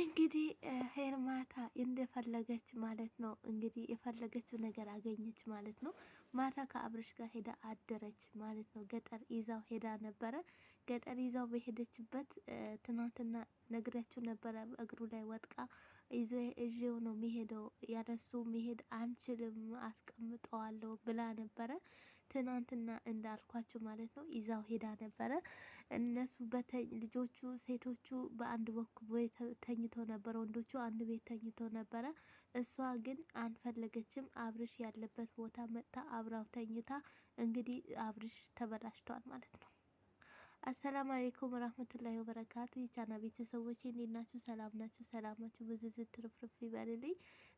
እንግዲህ ሄርማታ እንደፈለገች ማለት ነው። እንግዲህ የፈለገችው ነገር አገኘች ማለት ነው። ማታ ከአብርሽ ጋር ሄዳ አደረች ማለት ነው። ገጠር ይዛው ሄዳ ነበረ። ገጠር ይዛው በሄደችበት ትናንትና ነግሪያችሁ ነበረ። እግሩ ላይ ወጥቃ እዤው ነው የሚሄደው ያለሱ መሄድ አንችልም አስቀምጠዋለሁ ብላ ነበረ። ትናንትና እንዳልኳቸው ማለት ነው ይዛው ሄዳ ነበረ። እነሱ ልጆቹ ሴቶቹ በአንድ በኩል ተኝቶ ነበረ፣ ወንዶቹ አንድ ቤት ተኝቶ ነበረ። እሷ ግን አንፈለገችም። አብርሽ ያለበት ቦታ መጥታ አብራው ተኝታ እንግዲህ አብርሽ ተበላሽቷል ማለት ነው። አሰላም አሌይኩም ረህመቱላሂ ወበረካቱ የቻና ቤተሰቦች እንዴት ናችሁ? ሰላም ናችሁ? ሰላማችሁ ብዙ ዝትርፍርፍ ይበልልኝ።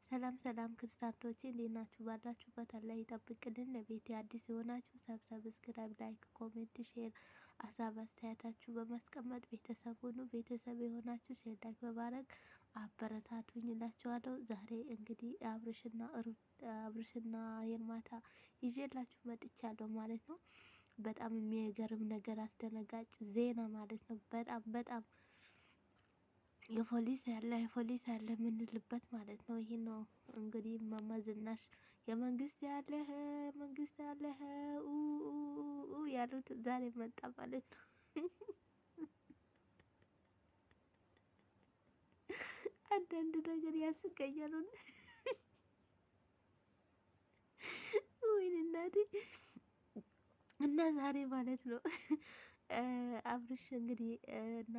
ሰላም ሰላም ክርስቲያኖቼ እንዴት ናችሁ? ባላችሁበት አላህ ይጠብቅልን። ለቤት አዲስ የሆናችሁ ሰብስክራይብ፣ ላይክ፣ ኮሜንት፣ ሼር አሳብ አስተያየታችሁ በማስቀመጥ ቤተሰብ ሁኑ። ቤተሰብ የሆናችሁ ሼር ላይክ በማድረግ አበረታቱኝ እላችኋለሁ። ዛሬ እንግዲህ አብርሽና አብርሽና የማታ ይዤላችሁ መጥቻለሁ ማለት ነው። በጣም የሚገርም ነገር አስደነጋጭ ዜና ማለት ነው። በጣም በጣም የፖሊስ ያለ የፖሊስ ያለ የምንልበት ማለት ነው። ይህ ነው እንግዲህ መመዝናሽ ዝናሽ የመንግስት ያለ መንግስት ያለ ያሉት ዛሬ መጣ ማለት ነው። አንዳንድ ነገር ያስቀኛል። ወይኔ እናቴ እና ዛሬ ማለት ነው አብርሽ እንግዲህ እና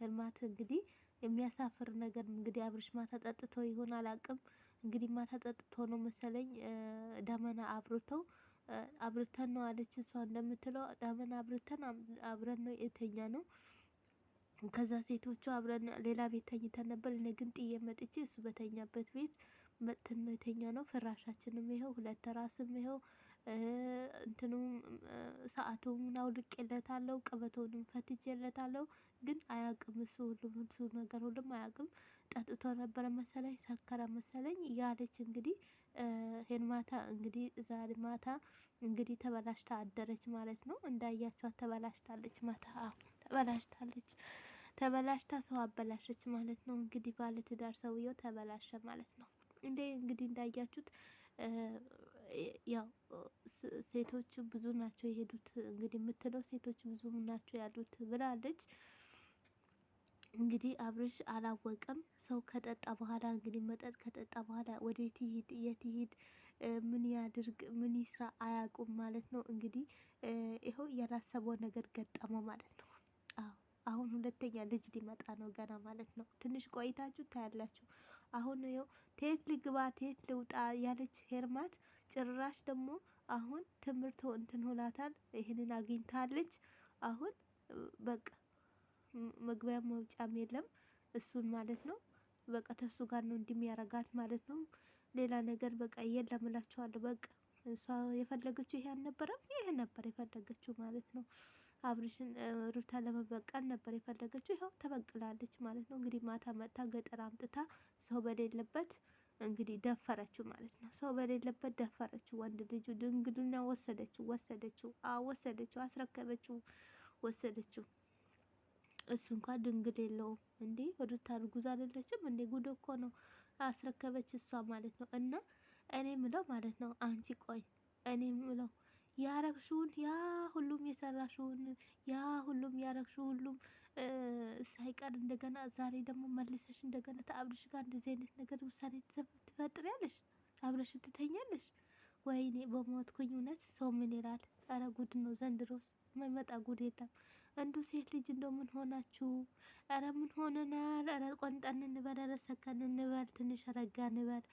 ህልማት እንግዲህ የሚያሳፍር ነገር እንግዲህ አብርሽ ማታ ጠጥቶ ይሆን አላቅም። እንግዲህ ማታ ጠጥቶ ነው መሰለኝ ደመና አብርተው አብርተን ነው አለች እሷ እንደምትለው ደመና አብርተን አብረን ነው የተኛ ነው። ከዛ ሴቶቹ አብረን ሌላ ቤት ተኝተን ነበር። እኔ ግን ጥዬ መጥቼ እሱ በተኛበት ቤት መጥተን ነው የተኛ ነው። ፍራሻችንም ይኸው ሁለት ራስም ይኸው እንትኑም ሰአቱን አውልቄለታለሁ፣ ቅበቱንም ፈትቼለታለሁ። ግን አያቅም እሱ ሁሉም እሱ ነገር ሁሉም አያቅም። ጠጥቶ ነበረ መሰለኝ ሰከረ መሰለኝ ያለች እንግዲህ ሄን ማታ እንግዲህ ዛሬ ማታ እንግዲህ ተበላሽታ አደረች ማለት ነው። እንዳያችኋት ተበላሽታለች፣ ማታ ተበላሽታለች። ተበላሽታ ሰው አበላሸች ማለት ነው። እንግዲህ ባለትዳር ሰውየው ተበላሸ ማለት ነው። እንዴ እንግዲህ እንዳያችሁት ያው ሴቶች ብዙ ናቸው የሄዱት እንግዲህ የምትለው ሴቶች ብዙ ናቸው ያሉት ብላለች። እንግዲህ አብርሽ አላወቀም። ሰው ከጠጣ በኋላ እንግዲህ መጠጥ ከጠጣ በኋላ ወዴት ይሂድ፣ የት ምን ያድርግ፣ ምን ይስራ አያውቁም ማለት ነው። እንግዲህ ይኸው ያላሰበው ነገር ገጠመው ማለት ነው። አሁን ሁለተኛ ልጅ ሊመጣ ነው ገና ማለት ነው። ትንሽ ቆይታችሁ ታያላችሁ። አሁን ይኸው ትየት ልግባ፣ ቴት ልውጣ ያለች ሄርማት ጭራሽ ደግሞ አሁን ትምህርት እንትን ሆናታል። ይህንን አግኝታለች። አሁን በቃ መግቢያ መውጫም የለም። እሱን ማለት ነው በቃ ተሱ ጋር ነው እንደሚያረጋት ማለት ነው። ሌላ ነገር በቃ የለም እላቸዋለሁ። በቃ እሷ የፈለገችው ይሄ አልነበረም፣ ይሄ ነበር የፈለገችው ማለት ነው። አብርሽን ሩታ ለመበቀል ነበር የፈለገችው፣ ይኸው ተበቅላለች ማለት ነው። እንግዲህ ማታ መጥታ ገጠር አምጥታ ሰው በሌለበት እንግዲህ ደፈረችው ማለት ነው። ሰው በሌለበት ደፈረችው። ወንድ ልጁ ድንግልና ወሰደችው ወሰደችው ወሰደችው አስረከበችው ወሰደችው። እሱ እንኳ ድንግል የለውም እንዴ! ሩታ እርጉዝ አይደለችም እንዴ? ጉድ እኮ ነው። አስረከበች እሷ ማለት ነው። እና እኔ ምለው ማለት ነው አንቺ ቆይ እኔ ምለው ያረግሽውን ያ ሁሉም የሰራሽውን ያ ሁሉም ያረግሽው ሁሉም ሳይቀር እንደገና ዛሬ ደግሞ መልሰሽ እንደገና ተአብረሽ ጋር እንደዚህ አይነት ነገር ውሳኔ ትፈጥሪያለሽ፣ አብረሽ ትተኛለሽ። ወይኔ በሞትኩኝ እውነት ሰው ምን ይላል? ኧረ ጉድ ነው ዘንድሮስ፣ የማይመጣ ጉድ የለም። እንዱ ሴት ልጅ እንደው ምን ሆናችሁ? ኧረ ምን ሆነናል? ኧረ ቆንጠን እንበል፣ ኧረ ሰከን እንበል፣ ትንሽ ረጋ እንበል።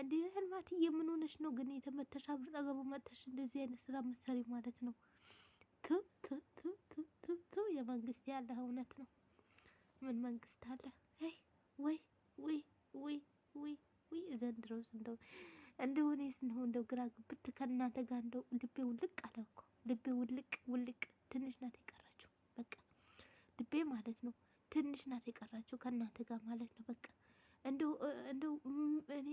እንዲህ ህልማትዬ ምን ሆነሽ ነው ግን የተመተሽ? ብር ጠገቡ መጥተሽ እንደዚህ አይነት ስራ ምሰሪ ማለት ነው? ቱቱቱቱቱ የመንግስት ያለ እውነት ነው። ምን መንግስት አለ? ይ ወይ ወይ ወይ ወይ ወይ ዘንድሮስ እንደው እንደው እኔስ ነው እንደው ግራ ግብት ከእናንተ ጋር እንደው ልቤ ውልቅ አለ እኮ ልቤ ውልቅ ውልቅ ትንሽ ናት ይቃ በቃ ልቤ ማለት ነው ትንሽ ናት የቀራችው ከእናንተ ጋር ማለት ነው። በቃ እንደው እንደው እኔ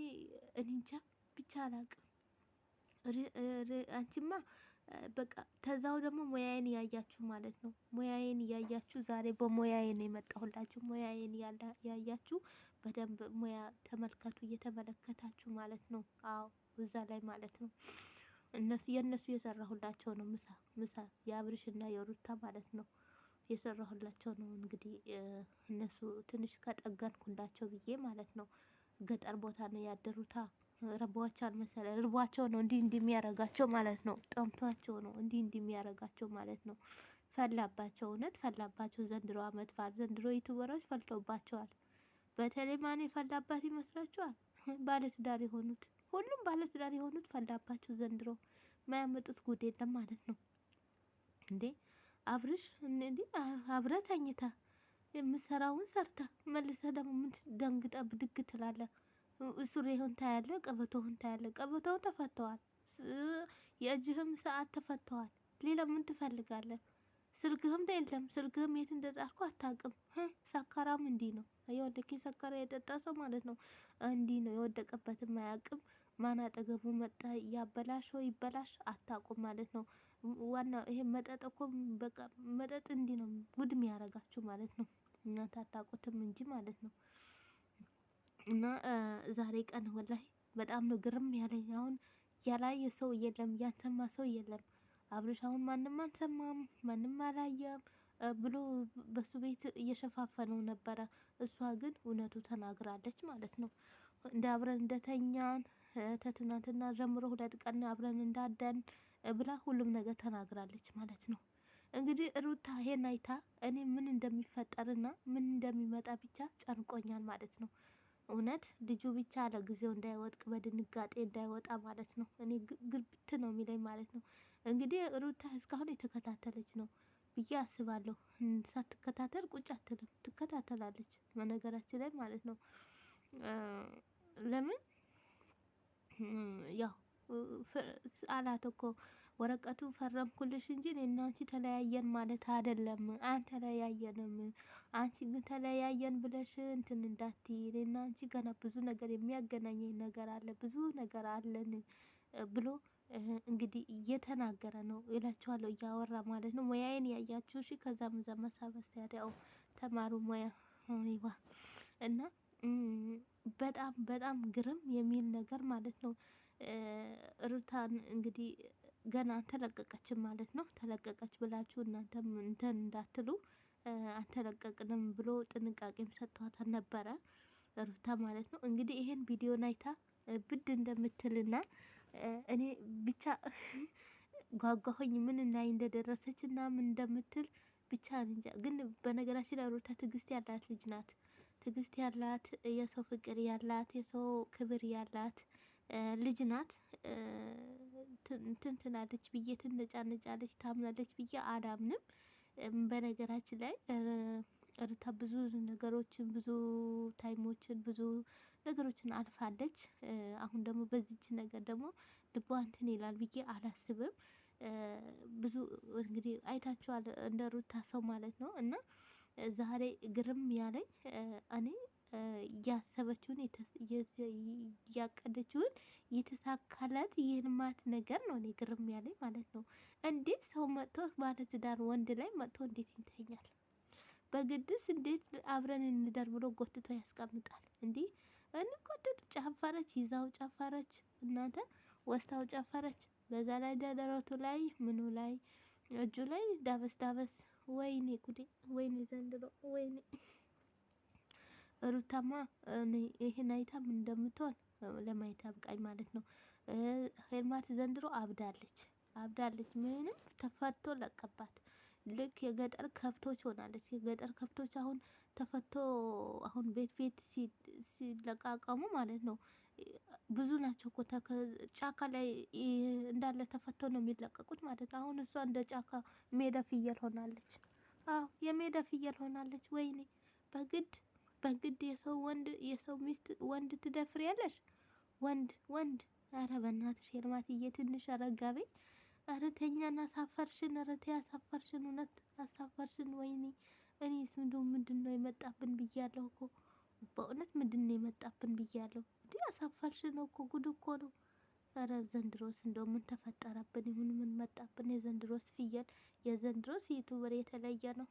እንጃ ብቻ አላቅም። አንቺማ በቃ ተዛው ደግሞ ሙያዬን እያያችሁ ማለት ነው። ሙያዬን እያያችሁ ዛሬ በሙያዬ ነው የመጣሁላችሁ። ሙያዬን ያያችሁ በደንብ ሙያ ተመልከቱ፣ እየተመለከታችሁ ማለት ነው። አዎ እዛ ላይ ማለት ነው እነሱ የእነሱ የሰራሁላቸው ነው ምሳ ምሳ የአብርሽና የሩታ ማለት ነው። የሰራሁላቸው ነው። እንግዲህ እነሱ ትንሽ ከጠገንኩላቸው ብዬ ማለት ነው። ገጠር ቦታ ነው ያደሩታ። ረቧቸዋል መሰለ ርቧቸው ነው እንዲህ እንዲህ የሚያረጋቸው ማለት ነው። ጠምቷቸው ነው እንዲህ እንዲህ የሚያረጋቸው ማለት ነው። ፈላባቸው፣ እውነት ፈላባቸው። ዘንድሮ አመት በዓል ዘንድሮ ዩቱበሮች ፈልተውባቸዋል። በተለይ ማን የፈላባት ይመስላችኋል? ባለትዳር የሆኑት ሁሉም ባለትዳር የሆኑት ፈላባቸው ዘንድሮ። የማያመጡት ጉድ የለም ማለት ነው እንዴ አብርሽ እንዲ አብረ ተኝታ የምሰራውን ሰርታ መልሰ ደግሞ ምን ደንግጠ ብድግ ትላለ። ሱሪህን ታያለ፣ ቀበቶህን ታያለ። ቀበቶውን ተፈተዋል፣ የእጅህም ሰዓት ተፈተዋል። ሌላ ምን ትፈልጋለ? ስልክህም የለም፣ ስልክህም የት እንደጣርኩ አታውቅም። ሰካራም እንዲ ነው የወደኬ ሰካራ የጠጣ ሰው ማለት ነው። እንዲ ነው የወደቀበትም አያውቅም። ማን አጠገቡ መጣ እያበላሸው ይበላሽ አታውቁም ማለት ነው። ዋና ይሄ መጠጥ እኮ በቃ መጠጥ እንዲህ ነው ጉድ የሚያደርጋችሁ ማለት ነው። እናንተ አታውቁትም እንጂ ማለት ነው። እና ዛሬ ቀን ወላሂ በጣም ነው ግርም ያለኝ። አሁን ያላየ ሰው የለም፣ ያልሰማ ሰው የለም። አብርሽ አሁን ማንም አልሰማም፣ ማንም አላየም ብሎ በሱ ቤት እየሸፋፈነው ነበረ። እሷ ግን እውነቱ ተናግራለች ማለት ነው። እንደ አብረን እንደተኛን ተትናንትና ጀምሮ ሁለት ቀን አብረን እንዳደን ብላ ሁሉም ነገር ተናግራለች ማለት ነው። እንግዲህ ሩታ ይሄን አይታ እኔ ምን እንደሚፈጠርና ምን እንደሚመጣ ብቻ ጨንቆኛል ማለት ነው። እውነት ልጁ ብቻ ለጊዜው እንዳይወድቅ በድንጋጤ እንዳይወጣ ማለት ነው። እኔ ግርብት ነው የሚለኝ ማለት ነው። እንግዲህ ሩታ እስካሁን የተከታተለች ነው ብዬ አስባለሁ። ሳትከታተል ቁጭ አትልም፣ ትከታተላለች በነገራችን ላይ ማለት ነው። ለምን ያው አላት እኮ ወረቀቱ ፈረምኩልሽ እንጂ እኔና አንቺ ተለያየን ማለት አይደለም። አንተለያየንም። አንቺ ግን ተለያየን ብለሽ እንትን እንዳቲ እኔና አንቺ ገና ብዙ ነገር የሚያገናኘኝ ነገር አለ፣ ብዙ ነገር አለን ብሎ እንግዲህ እየተናገረ ነው ይላችኋለሁ፣ እያወራ ማለት ነው። ሙያዬን ያያችሁ እሺ። ከዛም እዛ መሳበስቲያው ተማሩ ሙያ ይዋ እና በጣም በጣም ግርም የሚል ነገር ማለት ነው። ሩታን እንግዲህ ገና አልተለቀቀችም ማለት ነው። ተለቀቀች ብላችሁ እናንተም እንትን እንዳትሉ አልተለቀቅንም ብሎ ጥንቃቄም ሰጥቷታል ነበረ ሩታ ማለት ነው። እንግዲህ ይሄን ቪዲዮ ናይታ ብድ እንደምትልና እኔ ብቻ ጓጓሁኝ ምን እናይ እንደደረሰች እና ምን እንደምትል ብቻ እንጃ። ግን በነገራችን ላይ ሩታ ትዕግስት ያላት ልጅ ናት። ትዕግስት ያላት የሰው ፍቅር ያላት የሰው ክብር ያላት ልጅ ናት ትንትናለች ብዬ ትነጫነጫለች ታምናለች ብዬ አላምንም። በነገራችን ላይ ሩታ ብዙ ነገሮችን ብዙ ታይሞችን ብዙ ነገሮችን አልፋለች። አሁን ደግሞ በዚች ነገር ደግሞ ልቧ እንትን ይላል ብዬ አላስብም። ብዙ እንግዲህ አይታችኋል እንደ ሩታ ሰው ማለት ነው እና ዛሬ ግርም ያለኝ እኔ እያሰበችውን እያቀደችውን የተሳካላት የልማት ነገር ነው። እኔ ግርም ያለኝ ማለት ነው። እንዴት ሰው መጥቶ ባለትዳር ወንድ ላይ መጥቶ እንዴት ይተኛል? በግድስ እንዴት አብረን እንደር ብሎ ጎትቶ ያስቀምጣል? እንዲህ እንቆጥጥ ጨፈረች፣ ይዛው ጨፈረች፣ እናንተ ወስታው ጨፈረች። በዛ ላይ ደረቱ ላይ ምኑ ላይ እጁ ላይ ዳበስ ዳበስ። ወይኔ ጉዴ! ወይኔ ዘንድሮ! ወይኔ ሩታማ ይህን አይታም እንደምትሆን ለማየት አብቃኝ ማለት ነው። ሄልማት ዘንድሮ አብዳለች አብዳለች። ምንም ተፈቶ ለቀባት። ልክ የገጠር ከብቶች ሆናለች። የገጠር ከብቶች አሁን ተፈቶ አሁን ቤት ቤት ሲለቃቀሙ ማለት ነው። ብዙ ናቸው እኮ ጫካ ላይ እንዳለ ተፈቶ ነው የሚለቀቁት ማለት ነው። አሁን እሷ እንደ ጫካ ሜዳ ፍየል ሆናለች። አዎ የሜዳ ፍየል ሆናለች። ወይኔ በግድ በግድ የሰው ወንድ የሰው ሚስት ወንድ ትደፍሬያለሽ? ወንድ ወንድ አረ በእናትሽ ሄርማትዬ ትንሽ አረጋቤ አረ ተኛን አሳፈርሽን፣ አረ ተይ አሳፈርሽን፣ እውነት አሳፈርሽን። ወይኔ እኔ ምንድ ምንድን ነው የመጣብን ብያለሁ እኮ በእውነት ምንድን ነው የመጣብን ብያለሁ። እንዲ አሳፈርሽን እኮ ጉድ እኮ ነው። አረ ዘንድሮስ እንደው ምን ተፈጠረብን ይሁን ምን መጣብን? የዘንድሮስ ፍየል የዘንድሮስ ዩቱበር የተለየ ነው።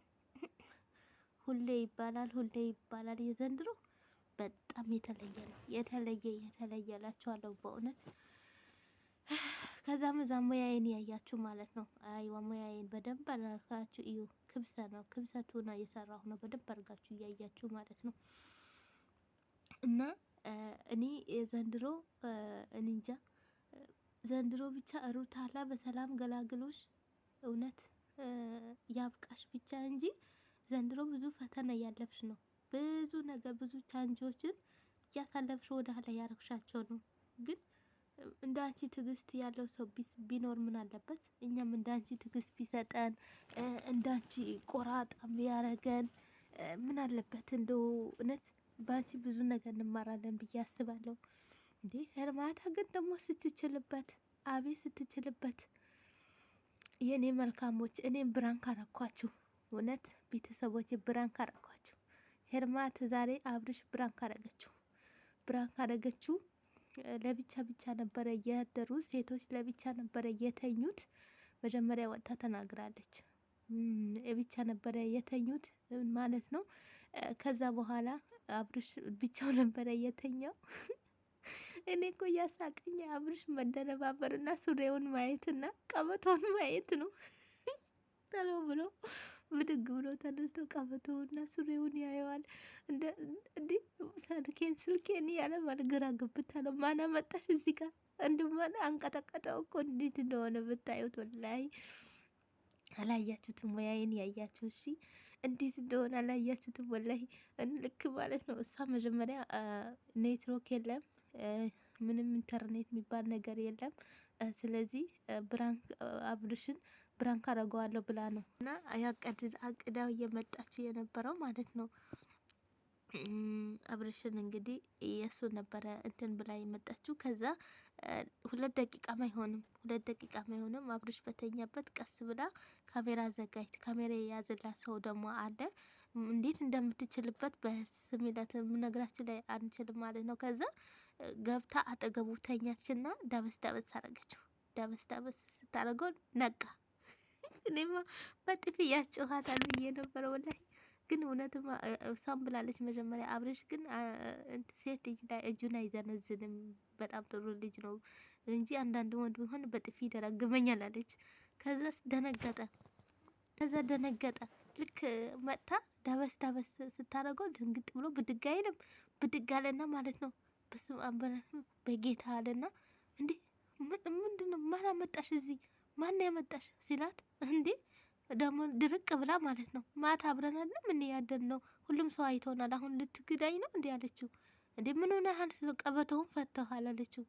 ሁሌ ይባላል፣ ሁሌ ይባላል። የዘንድሮ በጣም የተለየ ነው። የተለየ የተለየ እላችኋለሁ በእውነት ከዛም እዛ ሙያዬን ያያችሁ ማለት ነው። አይዋ ሙያዬን በደንብ አድርጋችሁ እዩ። ክብሰ ነው ክብሰቱ ነው የሰራሁ ነው። በደንብ አድርጋችሁ እያያችሁ ማለት ነው። እና እኔ የዘንድሮ እንጃ ዘንድሮ ብቻ ሩታላ በሰላም ገላግሎሽ እውነት ያብቃሽ ብቻ እንጂ ዘንድሮ ብዙ ፈተና እያለፍሽ ነው። ብዙ ነገር ብዙ ቻንጆችን እያሳለፍሽ ወደ ኋላ ያረግሻቸው ነው። ግን እንደ አንቺ ትዕግስት ያለው ሰው ቢኖር ምን አለበት? እኛም እንደ አንቺ ትዕግስት ቢሰጠን፣ እንደ አንቺ ቆራጣም ቢያረገን ምን አለበት? እንደ እውነት በአንቺ ብዙ ነገር እንማራለን ብዬ አስባለሁ። እንዴ እርማታ ግን ደግሞ ስትችልበት፣ አቤ ስትችልበት የእኔ መልካሞች፣ እኔም ብራን ካረኳችሁ እውነት ቤተሰቦች ብራንክ አረኳቸው። ሄርማት ዛሬ አብርሽ ብራንክ አረገችው። ብራንክ አረገችው። ለብቻ ብቻ ነበረ እያደሩ ሴቶች ለብቻ ነበረ የተኙት። መጀመሪያ ወጥታ ተናግራለች። ብቻ ነበረ የተኙት ማለት ነው። ከዛ በኋላ አብርሽ ብቻው ነበረ የተኛው። እኔ እኮ እያሳቀኝ አብርሽ መደነባበርና ሱሬውን ማየትና ቀበቶን ማየት ነው ተሎ ብሎ ብድግ ብሎ ተነስቶ እና ሱሪውን ያየዋል። እንዲህ ስልኬን ስልኬን እያለ ማለት ግራ ነው። ማን አመጣሽ እዚህ ጋር እንድማን አንቀጠቀጠው እኮ እንዴት እንደሆነ ብታዩት ወላይ አላያችሁትም ሙያዬን ያያችሁ እሺ፣ እንዴት እንደሆነ አላያችሁትም ወላይ ልክ ማለት ነው እሷ መጀመሪያ ኔትወርክ የለም ምንም ኢንተርኔት የሚባል ነገር የለም። ስለዚህ ብራንክ አብርሽን ብራንክ አደርገዋለሁ ብላ ነው እና ያቀድድ አቅዳ እየመጣች የነበረው ማለት ነው። አብረሽን እንግዲህ የእሱ ነበረ እንትን ብላ የመጣችው። ከዛ ሁለት ደቂቃም አይሆንም ሁለት ደቂቃም አይሆንም አብረሽ በተኛበት ቀስ ብላ ካሜራ አዘጋጅት። ካሜራ የያዘላት ሰው ደግሞ አለ። እንዴት እንደምትችልበት በስሜለት ምነግራችን ላይ አንችልም ማለት ነው። ከዛ ገብታ አጠገቡ ተኛችና ዳበስ ዳበስ አረገችው። ዳበስ ዳበስ ስታረገው ነቃ። እኔማ በጥፊ ያስጨዋታል ብዬ ነበር ወላሂ። ግን እውነትም እሷም ብላለች መጀመሪያ አብርሽ ግን ሴት ልጅ ላይ እጁን አይዘነዝንም በጣም ጥሩ ልጅ ነው እንጂ አንዳንድ ወንድ ቢሆን በጥፊ ይደረግመኛል አለች። ከዛ ደነገጠ። ከዛ ደነገጠ። ልክ መጥታ ዳበስ ዳበስ ስታደርገው ድንግጥ ብሎ ብድግ አይልም ብድግ አለና ማለት ነው። በስመ አብ በጌታ አለና እንዴ ምንድን ነው ማን አመጣሽ እዚህ ማን ያመጣሽ ሲላት እንዴ ደግሞ ድርቅ ብላ ማለት ነው። ማታ አብረን አይደለም እኔ ያደን ነው ሁሉም ሰው አይቶናል። አሁን ልትግዳኝ ነው እንዴ አለችው። እንዴ ምን ሆነሃል? ስለ ቀበቶውን ፈተሃል አለችው።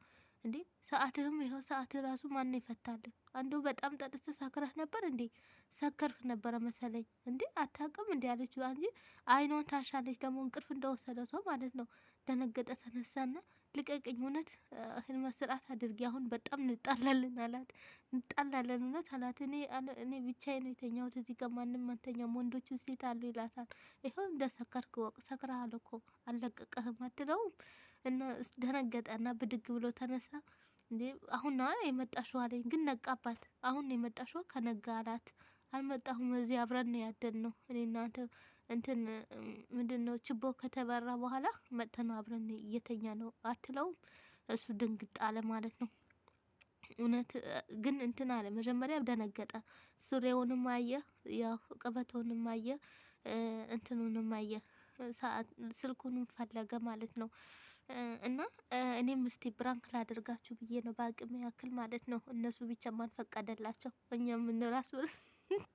እንዴ ሰዓትህም ይኸው ሰዓትህ ራሱ ማን ይፈታልህ? አንዱ በጣም ጠጥተህ ሰክረህ ነበር እንዴ ሰከርህ ነበረ መሰለኝ እንዴ አታውቅም እንዴ አለችው። እንጂ አይኗን ታሻለች ደግሞ እንቅልፍ እንደወሰደ ሰው ማለት ነው። ደነገጠ፣ ተነሳና ልቀቅኝ፣ እውነት እህል ስርዓት አድርጊ፣ አሁን በጣም እንጣላለን አላት። እንጣላለን እውነት አላት። እኔ እኔ ብቻዬ ነው የተኛሁት እዚህ ጋር ማንም አንተኛም፣ ወንዶቹ ሴት አሉ ይላታል። ይኸው እንደ ሰከርክ ወቅ ሰክረሃል እኮ አልለቀቀህም አትለውም እና ደነገጠ እና ብድግ ብሎ ተነሳ። እንዴ አሁን ነው የመጣሽው አለኝ። ግን ነቃባት። አሁን ነው የመጣሽው ከነጋ አላት። አልመጣሁም እዚህ አብረን ነው ያደን ነው እኔ እናንተ እንትን ምንድን ነው ችቦ ከተበራ በኋላ መጥተን ነው አብረን እየተኛ ነው አትለውም። እሱ ድንግጥ አለ ማለት ነው። እውነት ግን እንትን አለ መጀመሪያ ደነገጠ። ሱሬውንም አየ፣ ያው ቅበቶንም አየ፣ እንትኑንም አየ፣ ስልኩንም ፈለገ ማለት ነው። እና እኔም እስቲ ብራንክ ላደርጋችሁ ብዬ ነው በአቅም ያክል ማለት ነው። እነሱ ብቻ ማን ፈቀደላቸው? እኛ የምንራስ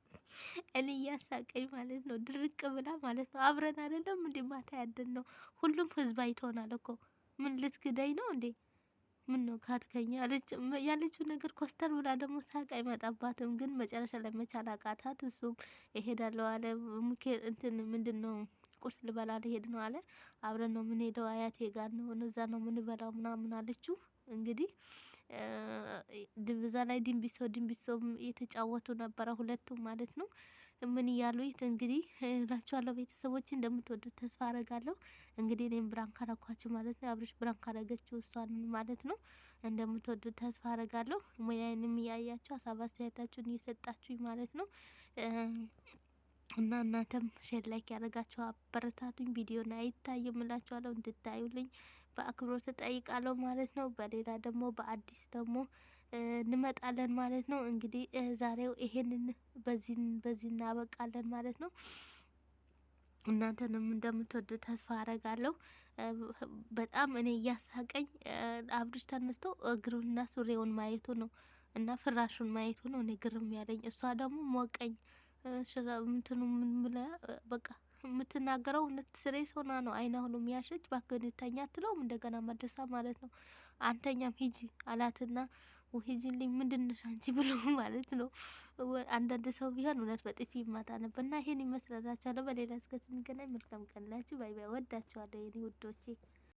እኔ እያሳቀኝ ማለት ነው። ድርቅ ብላ ማለት ነው። አብረን አይደለም እንዲ ማታ ያደን ነው። ሁሉም ህዝብ አይተውናል እኮ ምን ልትግደኝ ነው እንዴ? ምን ነው ካትከኛ ያለችው ነገር ኮስተር ብላ ደግሞ ሳቅ አይመጣባትም። ግን መጨረሻ ላይ መቻል አቃታት። እሱም ይሄዳለሁ አለ ሙኬ እንትን ምንድን ነው ቁርስ ልበላ ልሄድ ነው አለ። አብረን ነው የምንሄደው አያቴ ጋር ነው እዛ ነው የምንበላው ምናምን አለችው። እንግዲህ እዛ ላይ ድንቢሶ ድንቢሶ እየተጫወቱ ነበረ ሁለቱ ማለት ነው። ምን እያሉ ይት እንግዲህ እላችኋለሁ ቤተሰቦች እንደምትወዱት ተስፋ አረጋለሁ። እንግዲህ እኔም ብራን አረኳችሁ ማለት ነው። አብረሽ ብራን ካረገችው እሷን ማለት ነው። እንደምትወዱት ተስፋ አረጋለሁ። ሙያዬንም እያያችሁ ሀሳብ አስተያየታችሁን እየሰጣችሁኝ ማለት ነው። እና እናንተም ሼር ላይክ ያደረጋችሁ አበረታቱኝ። ቪዲዮን አይታይም ምላችኋለሁ እንድታዩልኝ በአክብሮት ተጠይቃለሁ ማለት ነው። በሌላ ደግሞ በአዲስ ደግሞ እንመጣለን ማለት ነው። እንግዲህ ዛሬው ይሄንን በዚህ በዚህ እናበቃለን ማለት ነው። እናንተንም እንደምትወዱ ተስፋ አረጋለሁ። በጣም እኔ እያሳቀኝ አብርሽ ተነስቶ እግሩንና ሱሪውን ማየቱ ነው እና ፍራሹን ማየቱ ነው እኔ ግርም ያለኝ። እሷ ደግሞ ሞቀኝ እንትኑ ምን በቃ የምትናገረው እውነት ስሬስ ሆና ነው። አይና ሁሉ የሚያሸች ባክን ባክንተኛ ትለውም እንደገና መደሳ ማለት ነው። አንተኛም ሂጂ አላትና ሂጂልኝ ምንድነሽ አንቺ ብሎ ማለት ነው። አንዳንድ ሰው ቢሆን እውነት በጥፊ ይማታ ነበር። እና ይሄን ይመስላላችኋለሁ። በሌላ እስከ ስንገናኝ መልካም ቀን ላችሁ። ባይ ባይ። ወዳችኋለሁ የኔ ውዶቼ።